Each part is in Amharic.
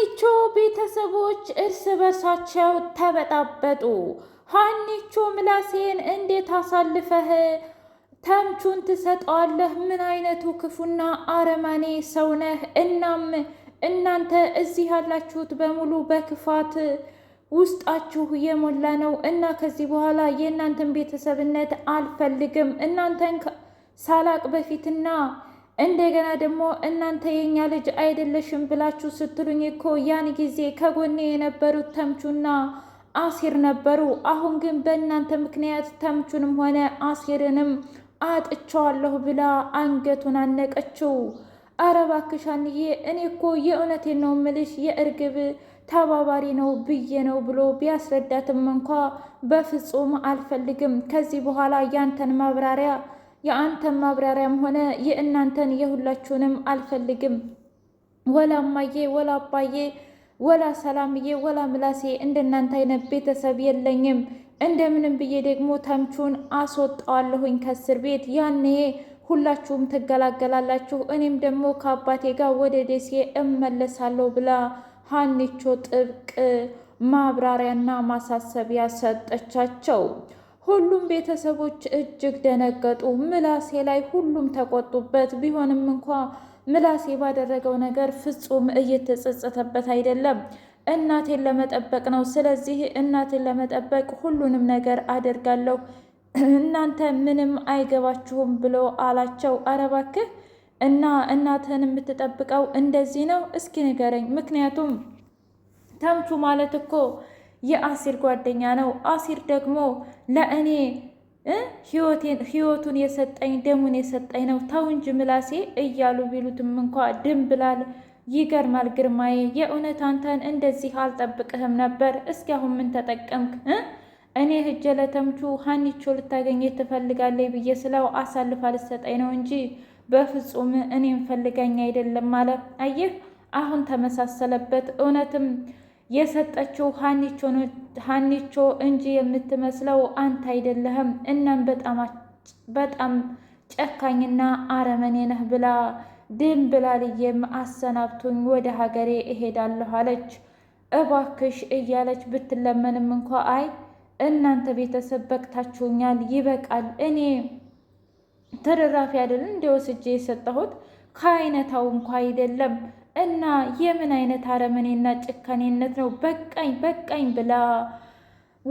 ሀኒቾ ቤተሰቦች እርስ በርሳቸው ተበጣበጡ። ሀኒቾ ምላሴን እንዴት አሳልፈህ ተምቹን ትሰጠዋለህ? ምን አይነቱ ክፉና አረማኔ ሰው ነህ? እናም እናንተ እዚህ ያላችሁት በሙሉ በክፋት ውስጣችሁ የሞላ ነው እና ከዚህ በኋላ የእናንተን ቤተሰብነት አልፈልግም። እናንተን ሳላቅ በፊትና እንደገና ደግሞ እናንተ የኛ ልጅ አይደለሽም ብላችሁ ስትሉኝ እኮ ያን ጊዜ ከጎኔ የነበሩት ተምቹና አሲር ነበሩ። አሁን ግን በእናንተ ምክንያት ተምቹንም ሆነ አሲርንም አጥቸዋለሁ ብላ አንገቱን አነቀችው። አረ እባክሽ ሀንዬ፣ እኔ እኮ የእውነቴን ነው ምልሽ የእርግብ ተባባሪ ነው ብዬ ነው ብሎ ቢያስረዳትም እንኳ በፍጹም አልፈልግም ከዚህ በኋላ ያንተን ማብራሪያ የአንተን ማብራሪያም ሆነ የእናንተን የሁላችሁንም አልፈልግም። ወላ እማዬ ወላ አባዬ ወላ ሰላምዬ ወላ ምላሴ እንደናንተ አይነት ቤተሰብ የለኝም። እንደምንም ብዬ ደግሞ ተምቹን አስወጣዋለሁኝ ከእስር ቤት ያኔ ሁላችሁም ትገላገላላችሁ። እኔም ደግሞ ከአባቴ ጋር ወደ ደሴ እመለሳለሁ ብላ ሀኒቾ ጥብቅ ማብራሪያና ማሳሰቢያ ሰጠቻቸው። ሁሉም ቤተሰቦች እጅግ ደነገጡ። ምላሴ ላይ ሁሉም ተቆጡበት። ቢሆንም እንኳ ምላሴ ባደረገው ነገር ፍጹም እየተጸጸተበት አይደለም። እናቴን ለመጠበቅ ነው። ስለዚህ እናቴን ለመጠበቅ ሁሉንም ነገር አደርጋለሁ፣ እናንተ ምንም አይገባችሁም ብሎ አላቸው። አረ እባክህ እና እናትህን የምትጠብቀው እንደዚህ ነው? እስኪ ንገረኝ። ምክንያቱም ተምቹ ማለት እኮ የአሲር ጓደኛ ነው። አሲር ደግሞ ለእኔ ህይወቱን የሰጠኝ ደሙን የሰጠኝ ነው ተው እንጂ ምላሴ እያሉ ቢሉትም እንኳ ድም ብላል። ይገርማል ግርማዬ፣ የእውነት አንተን እንደዚህ አልጠብቅህም ነበር። እስኪ አሁን ምን ተጠቀምክ? እኔ ሂጄ ለተምቹ ሀኒቾ ልታገኘ ትፈልጋለች ብዬ ስለው አሳልፋ ልሰጠኝ ነው እንጂ በፍጹም እኔም ፈልጋኝ አይደለም አለ። አየህ አሁን ተመሳሰለበት እውነትም የሰጠችው ሀኒቾ እንጂ የምትመስለው አንተ አይደለህም። እናም በጣም ጨካኝና አረመኔ ነህ ብላ ድም ብላልዬም አሰናብቱኝ ወደ ሀገሬ እሄዳለሁ አለች። እባክሽ እያለች ብትለመንም እንኳ አይ እናንተ ቤተሰብ በቅታችሁኛል፣ ይበቃል። እኔ ተደራፊ አይደል እንደ ወስጄ የሰጠሁት ከአይነታው እንኳ አይደለም እና የምን አይነት አረመኔና ጭካኔነት ነው? በቃኝ በቃኝ ብላ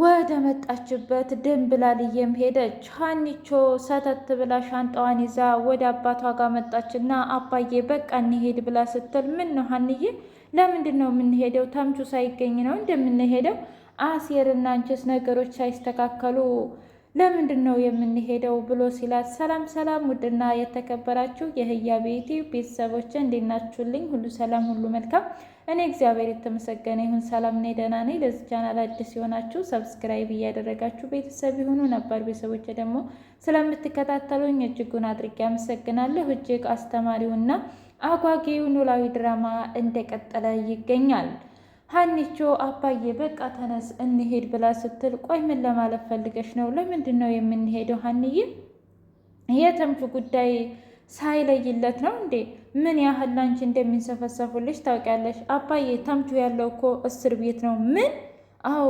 ወደ መጣችበት ድንብላልዬም ሄደች። ሀኒቾ ሰተት ብላ ሻንጣዋን ይዛ ወደ አባቷ ጋር መጣችና አባዬ በቃ እንሄድ ብላ ስትል ምን ነው ሀንዬ፣ ለምንድን ነው የምንሄደው? ተምቹ ሳይገኝ ነው እንደምንሄደው? አሴርና አንቺስ ነገሮች ሳይስተካከሉ ለምንድን ነው የምንሄደው ብሎ ሲላት፣ ሰላም ሰላም! ውድና የተከበራችሁ የህያ ቤቲ ቤተሰቦች እንዴናችሁልኝ? ሁሉ ሰላም፣ ሁሉ መልካም። እኔ እግዚአብሔር የተመሰገነ ይሁን ሰላም ነኝ፣ ደህና ነኝ። ለዚህ ቻናል አዲስ የሆናችሁ ሰብስክራይብ እያደረጋችሁ ቤተሰብ ይሁኑ። ነባር ቤተሰቦች ደግሞ ስለምትከታተሉኝ እጅጉን አድርጌ አመሰግናለሁ። እጅግ አስተማሪውና አጓጊው ኖላዊ ድራማ እንደቀጠለ ይገኛል። ሀኒቾ አባዬ በቃ ተነስ እንሄድ ብላ ስትል፣ ቆይ ምን ለማለት ፈልገሽ ነው? ለምንድን ነው የምንሄደው? ሀኒዬ የተምቹ ጉዳይ ሳይለይለት ነው እንዴ? ምን ያህል ላንቺ እንደሚንሰፈሰፉልሽ ታውቂያለሽ? አባዬ ተምቹ ያለው እኮ እስር ቤት ነው። ምን? አዎ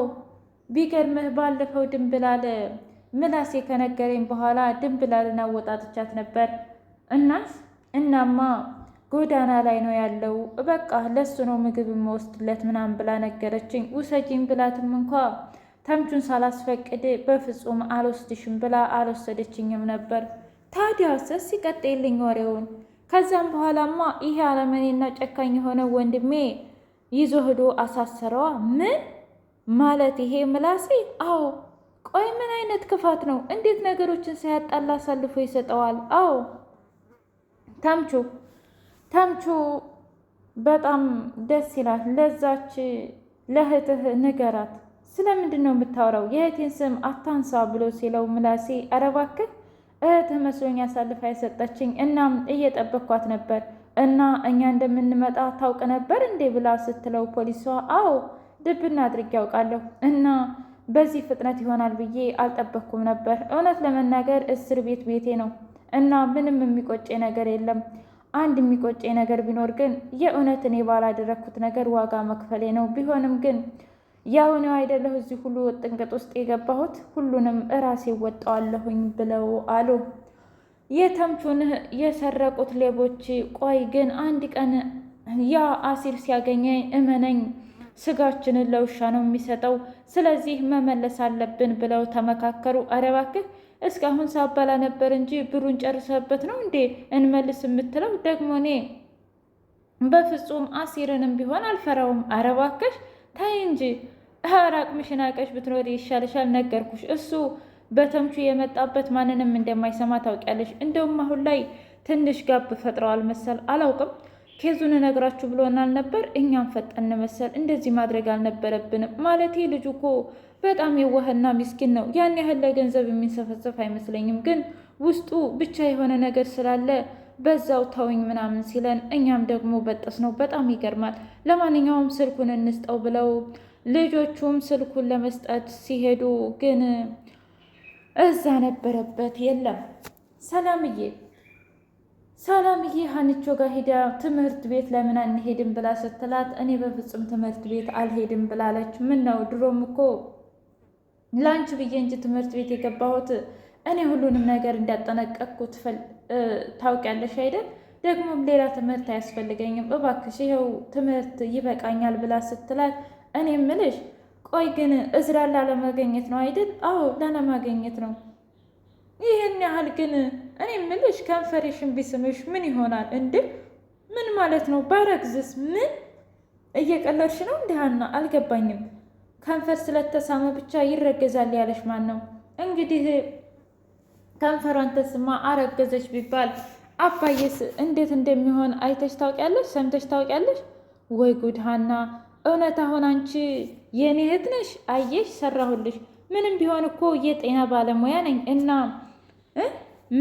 ቢገርምህ ባለፈው ድንብላል ምላሴ ከነገረኝ በኋላ ድንብላልን አወጣጥቻት ነበር። እናስ እናማ ጎዳና ላይ ነው ያለው። በቃ ለሱ ነው ምግብ መወስድለት ምናምን ብላ ነገረችኝ። ውሰጂኝ ብላትም እንኳ ተምቹን ሳላስፈቅድ በፍጹም አልወስድሽም ብላ አልወሰደችኝም ነበር። ታዲያ ሰስ ይቀጥልኝ ወሬውን። ከዚያም በኋላማ ይሄ አረመኔና ጨካኝ የሆነ ወንድሜ ይዞ ሂዶ አሳሰረዋ። ምን ማለት ይሄ ምላሴ? አዎ። ቆይ ምን አይነት ክፋት ነው? እንዴት ነገሮችን ሳያጣላ አሳልፎ ይሰጠዋል? አዎ ተምቹ ተምቹ በጣም ደስ ይላል። ለዛች ለእህትህ ንገራት። ስለምንድን ነው የምታወራው? የእህቴን ስም አታንሳ ብሎ ሲለው ምላሴ ኧረ እባክህ እህትህ መስሎኝ አሳልፋ የሰጠችኝ፣ እናም እየጠበኳት ነበር እና እኛ እንደምንመጣ ታውቅ ነበር እንዴ ብላ ስትለው ፖሊሷ አዎ ድብና አድርጌ ያውቃለሁ እና በዚህ ፍጥነት ይሆናል ብዬ አልጠበኩም ነበር። እውነት ለመናገር እስር ቤት ቤቴ ነው እና ምንም የሚቆጨ ነገር የለም። አንድ የሚቆጨኝ ነገር ቢኖር ግን የእውነት እኔ ባላደረግኩት ነገር ዋጋ መክፈሌ ነው። ቢሆንም ግን ያሁኔው አይደለሁ እዚህ ሁሉ ጥንቅጥ ውስጥ የገባሁት ሁሉንም እራሴ ወጣዋለሁኝ ብለው አሉ። የተምቹን የሰረቁት ሌቦች። ቆይ ግን አንድ ቀን ያ አሲር ሲያገኘ እመነኝ ስጋችንን ለውሻ ነው የሚሰጠው። ስለዚህ መመለስ አለብን ብለው ተመካከሩ። አረ እባክህ እስካሁን ሳባላ ነበር እንጂ ብሩን ጨርሰበት ነው እንዴ እንመልስ የምትለው? ደግሞ እኔ በፍጹም አሲርንም ቢሆን አልፈራውም። አረ እባክሽ ታይ እንጂ አራቅምሽን አቀሽ ብትኖሪ ይሻልሻል። ነገርኩሽ እሱ በተምቹ የመጣበት ማንንም እንደማይሰማ ታውቂያለሽ። እንደውም አሁን ላይ ትንሽ ጋብ ፈጥረዋል መሰል አላውቅም። ኬዙን እነግራችሁ ብሎናል ነበር። እኛም ፈጠን መሰል እንደዚህ ማድረግ አልነበረብንም። ማለቴ ልጁ እኮ በጣም የዋህና ሚስኪን ነው። ያን ያህል ለገንዘብ የሚንሰፈሰፍ አይመስለኝም። ግን ውስጡ ብቻ የሆነ ነገር ስላለ በዛው ታውኝ ምናምን ሲለን እኛም ደግሞ በጠስ ነው። በጣም ይገርማል። ለማንኛውም ስልኩን እንስጠው ብለው ልጆቹም ስልኩን ለመስጠት ሲሄዱ ግን እዛ ነበረበት የለም። ሰላምዬ ሰላምዬ ሀንቾ ጋር ሂዳ ትምህርት ቤት ለምን አንሄድም ብላ ስትላት እኔ በፍጹም ትምህርት ቤት አልሄድም ብላለች። ምን ነው ድሮም እኮ ለአንቺ ብዬ እንጂ ትምህርት ቤት የገባሁት እኔ ሁሉንም ነገር እንዳጠነቀቅኩ ታውቂያለሽ አይደል? ደግሞም ሌላ ትምህርት አያስፈልገኝም እባክሽ ይኸው ትምህርት ይበቃኛል ብላ ስትላት፣ እኔ ምልሽ ቆይ ግን እዝራን ላለማገኘት ነው አይደል? አዎ ላለማገኘት ነው። ይህን ያህል ግን እኔ ምልሽ ከንፈሬሽን ቢስምሽ ምን ይሆናል? እንድ ምን ማለት ነው? ባረግዝስ? ምን እየቀለድሽ ነው? እንዲህና አልገባኝም ከንፈር ስለተሳመ ብቻ ይረገዛል ያለሽ ማን ነው? እንግዲህ ከንፈሯን ተስማ አረገዘች ቢባል አባዬስ እንዴት እንደሚሆን አይተሽ ታውቂያለሽ? ሰምተሽ ታውቂያለሽ? ወይ ጉድ ሀና፣ እውነት አሁን አንቺ የኔ እህት ነሽ? አየሽ፣ ሰራሁልሽ። ምንም ቢሆን እኮ የጤና ባለሙያ ነኝ እና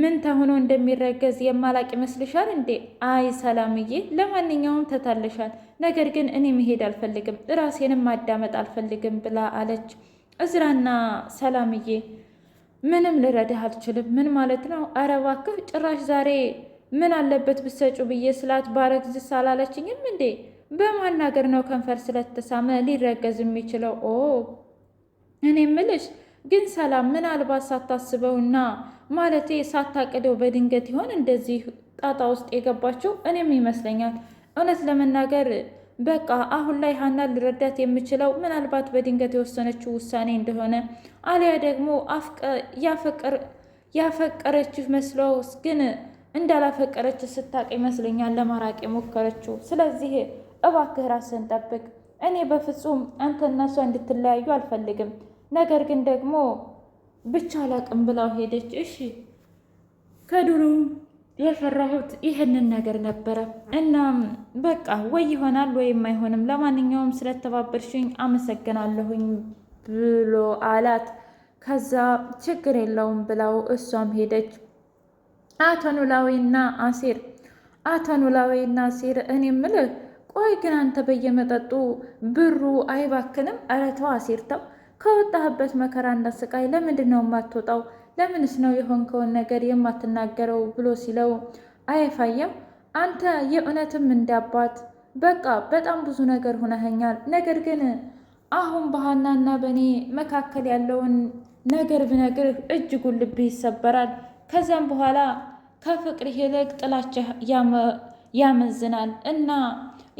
ምን ተሆኖ እንደሚረገዝ የማላቅ ይመስልሻል እንዴ? አይ ሰላምዬ፣ ለማንኛውም ተታልሻል። ነገር ግን እኔ መሄድ አልፈልግም፣ ራሴንም ማዳመጥ አልፈልግም ብላ አለች። እዝራና ሰላምዬ ምንም ልረዳህ አልችልም። ምን ማለት ነው? አረባክፍ እባክህ ጭራሽ ዛሬ ምን አለበት ብሰጩ ብዬ ስላት ባረግዝስ አላለችኝም እንዴ? በማናገር ነው ከንፈር ስለተሳመ ሊረገዝ የሚችለው? ኦ እኔ ምልሽ ግን ሰላም ምናልባት ሳታስበውና ማለቴ ሳታቅደው በድንገት ይሆን እንደዚህ ጣጣ ውስጥ የገባችው? እኔም ይመስለኛል። እውነት ለመናገር በቃ አሁን ላይ ሀና ልረዳት የምችለው ምናልባት በድንገት የወሰነችው ውሳኔ እንደሆነ አሊያ ደግሞ ያፈቀረች መስሎስ ግን እንዳላፈቀረች ስታቅ ይመስለኛል ለማራቅ የሞከረችው። ስለዚህ እባክህ ጠብቅ። እኔ በፍጹም አንተ እሷ እንድትለያዩ አልፈልግም። ነገር ግን ደግሞ ብቻ አላቅም ብላው ሄደች። እሺ ከድሮ የፈራሁት ይህንን ነገር ነበረ እና በቃ ወይ ይሆናል ወይም አይሆንም፣ ለማንኛውም ስለተባበርሽኝ አመሰግናለሁኝ ብሎ አላት። ከዛ ችግር የለውም ብላው እሷም ሄደች። አቶ ኖላዊና አሴር አቶ ኖላዊና አሴር እኔ ምልህ ቆይ ግን አንተ በየመጠጡ ብሩ አይባክንም? ኧረ ተው አሴር ተው ከወጣህበት መከራ ስቃይ ለምንድን ነው የማትወጣው? ለምንስ ነው የሆንከውን ነገር የማትናገረው? ብሎ ሲለው አይፋየም? አንተ የእውነትም እንዳባት በቃ በጣም ብዙ ነገር ሆነኸኛል። ነገር ግን አሁን በሀናና በእኔ መካከል ያለውን ነገር ብነግርህ እጅጉን ልብህ ይሰበራል። ከዚያም በኋላ ከፍቅር ይልቅ ጥላችህ ያመዝናል እና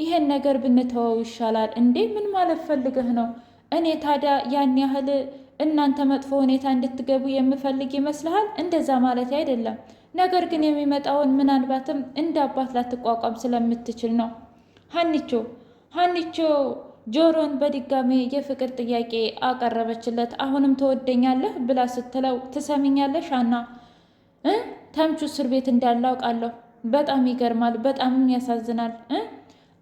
ይሄን ነገር ብንተወው ይሻላል። እንዴ ምን ማለት ፈልገህ ነው? እኔ ታዲያ ያን ያህል እናንተ መጥፎ ሁኔታ እንድትገቡ የምፈልግ ይመስልሃል? እንደዛ ማለት አይደለም። ነገር ግን የሚመጣውን ምናልባትም እንደ አባት ላትቋቋም ስለምትችል ነው። ሀኒቾ ሀኒቾ ጆሮን በድጋሜ የፍቅር ጥያቄ አቀረበችለት። አሁንም ትወደኛለህ ብላ ስትለው ትሰሚኛለሽ አና ተምቹ እስር ቤት እንዳለ አውቃለሁ። በጣም ይገርማል፣ በጣምም ያሳዝናል።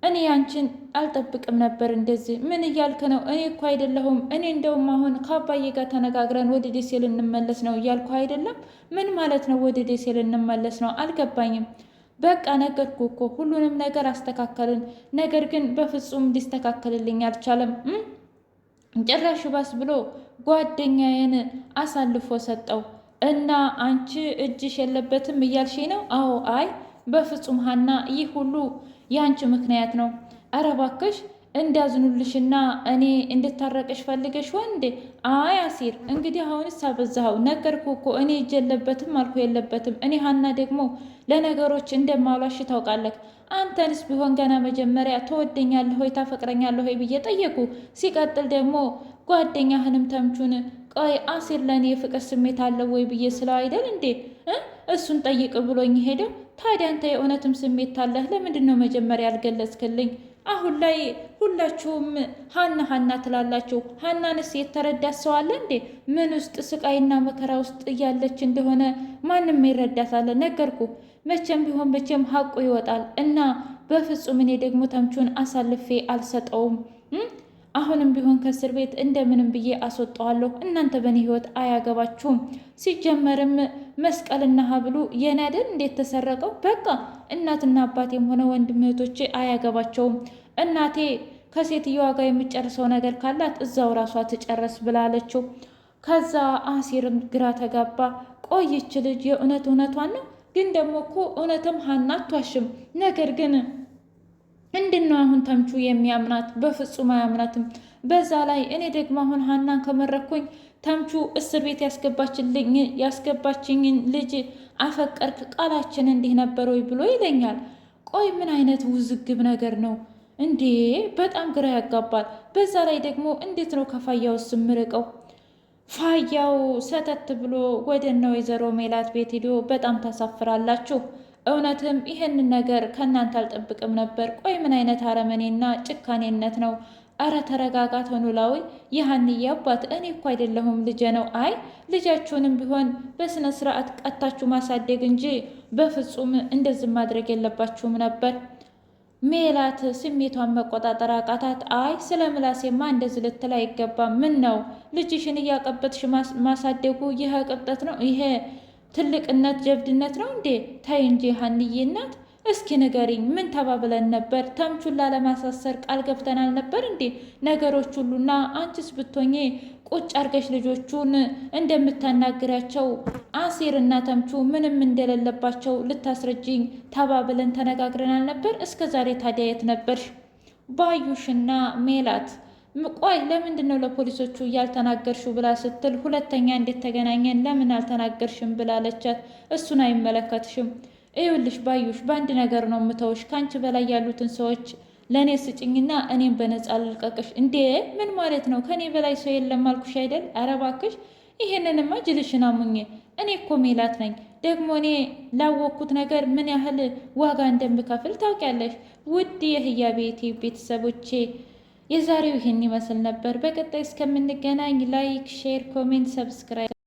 እኔ ያንቺን አልጠብቅም ነበር። እንደዚህ ምን እያልክ ነው? እኔ እኮ አይደለሁም። እኔ እንደውም አሁን ከአባዬ ጋር ተነጋግረን ወደ ደሴ ልንመለስ ነው እያልኩ አይደለም። ምን ማለት ነው? ወደ ደሴ ልንመለስ ነው? አልገባኝም። በቃ ነገርኩ እኮ ሁሉንም ነገር አስተካከልን። ነገር ግን በፍጹም ሊስተካከልልኝ አልቻለም። ጭራሽ ባስ ብሎ ጓደኛዬን አሳልፎ ሰጠው እና አንቺ እጅሽ የለበትም እያልሽ ነው? አዎ። አይ በፍጹም ሀና፣ ይህ ሁሉ ያንቺ ምክንያት ነው። ኧረ እባክሽ እንዲያዝኑልሽና እኔ እንድታረቅሽ ፈልገሽ ወንዴ? አይ አሲር፣ እንግዲህ አሁንስ አበዛኸው። ነገርኩ እኮ እኔ እጅ የለበትም አልኩ የለበትም። እኔ ሀና ደግሞ ለነገሮች እንደማሏሽ ታውቃለህ። አንተንስ ቢሆን ገና መጀመሪያ ትወደኛለህ ሆይ ታፈቅረኛለህ ሆይ ብዬ ጠየኩ። ሲቀጥል ደግሞ ጓደኛህንም ተምቹን ቆይ አሲር ለእኔ የፍቅር ስሜት አለው ወይ ብዬ ስለው አይደል እንዴ እሱን ጠይቅ ብሎኝ ሄደው ታዲያ አንተ የእውነትም ስሜት አለህ? ለምንድን ነው መጀመሪያ ያልገለጽክልኝ? አሁን ላይ ሁላችሁም ሀና ሀና ትላላችሁ። ሀናንስ የተረዳት ሰው አለ እንዴ? ምን ውስጥ ስቃይና መከራ ውስጥ እያለች እንደሆነ ማንም ይረዳታል። ነገርኩ። መቼም ቢሆን መቼም ሀቁ ይወጣል እና በፍጹም እኔ ደግሞ ተምቹን አሳልፌ አልሰጠውም። አሁንም ቢሆን ከእስር ቤት እንደምንም ብዬ አስወጣዋለሁ። እናንተ በእኔ ህይወት አያገባችሁም። ሲጀመርም መስቀልና ሀብሉ የነድን አይደል እንዴት ተሰረቀው? በቃ እናትና አባቴም ሆነ ወንድም እህቶቼ አያገባቸውም። እናቴ ከሴትየዋ ጋር የምጨርሰው ነገር ካላት እዛው ራሷ ትጨረስ ብላለችው። ከዛ አሲርም ግራ ተጋባ። ቆይች ልጅ የእውነት እውነቷን ነው ግን ደግሞ እኮ እውነትም ሀና አትዋሽም። ነገር ግን እንድነው አሁን ተምቹ የሚያምናት? በፍጹም አያምናትም። በዛ ላይ እኔ ደግሞ አሁን ሀናን ከመረኩኝ ተምቹ እስር ቤት ያስገባችልኝ ያስገባችኝን ልጅ አፈቀርክ፣ ቃላችን እንዲህ ነበር ወይ ብሎ ይለኛል። ቆይ ምን አይነት ውዝግብ ነገር ነው እንዴ? በጣም ግራ ያጋባል። በዛ ላይ ደግሞ እንዴት ነው ከፋያው ስምርቀው? ፋያው ሰተት ብሎ ወደነ ወይዘሮ ሜላት ቤት ሄዶ በጣም ታሳፍራላችሁ እውነትም ይህንን ነገር ከእናንተ አልጠብቅም ነበር። ቆይ ምን አይነት አረመኔና ጭካኔነት ነው? አረ ተረጋጋ ኖላዊ፣ የሀንዬ አባት እኔ እኮ አይደለሁም ልጄ ነው። አይ ልጃችሁንም ቢሆን በስነ ስርዓት ቀጣችሁ ማሳደግ እንጂ በፍጹም እንደዚህ ማድረግ የለባችሁም ነበር። ሜላት ስሜቷን መቆጣጠር አቃታት። አይ ስለ ምላሴማ እንደዚህ ልትል አይገባም። ምን ነው ልጅሽን እያቀበጥሽ ማሳደጉ ይህ ቅብጠት ነው? ይሄ ትልቅነት ጀብድነት ነው እንዴ? ታይ እንጂ ሀንዬ እናት እስኪ ንገሪኝ፣ ምን ተባብለን ነበር? ተምቹን ላለማሳሰር ቃል ገብተናል ነበር እንዴ? ነገሮች ሁሉና አንቺስ ብትሆኚ ቁጭ አርገሽ ልጆቹን እንደምታናግሪያቸው አሴርና ተምቹ ምንም እንደሌለባቸው ልታስረጅኝ ተባብለን ተነጋግረን አልነበር? እስከ ዛሬ ታዲያ የት ነበርሽ? ባዩሽና ሜላት ቆይ ለምንድን ነው ለፖሊሶቹ እያልተናገርሽው? ብላ ስትል ሁለተኛ እንዴት ተገናኘን ለምን አልተናገርሽም ብላለቻት። እሱን አይመለከትሽም ይኸውልሽ ባዩሽ፣ በአንድ ነገር ነው የምተውሽ። ከአንቺ በላይ ያሉትን ሰዎች ለእኔ ስጭኝና እኔም በነፃ ልልቀቅሽ። እንዴ ምን ማለት ነው? ከእኔ በላይ ሰው የለም አልኩሽ አይደል? ኧረ እባክሽ ይሄንንማ ጅልሽን አሙኝ። እኔ እኮ ሜላት ነኝ። ደግሞ እኔ ላወቅኩት ነገር ምን ያህል ዋጋ እንደምከፍል ታውቂያለሽ። ውድ የህያ ቤቴ ቤተሰቦቼ የዛሬው ይህን ይመስል ነበር። በቀጣይ እስከምንገናኝ ላይክ፣ ሼር፣ ኮሜንት፣ ሰብስክራይብ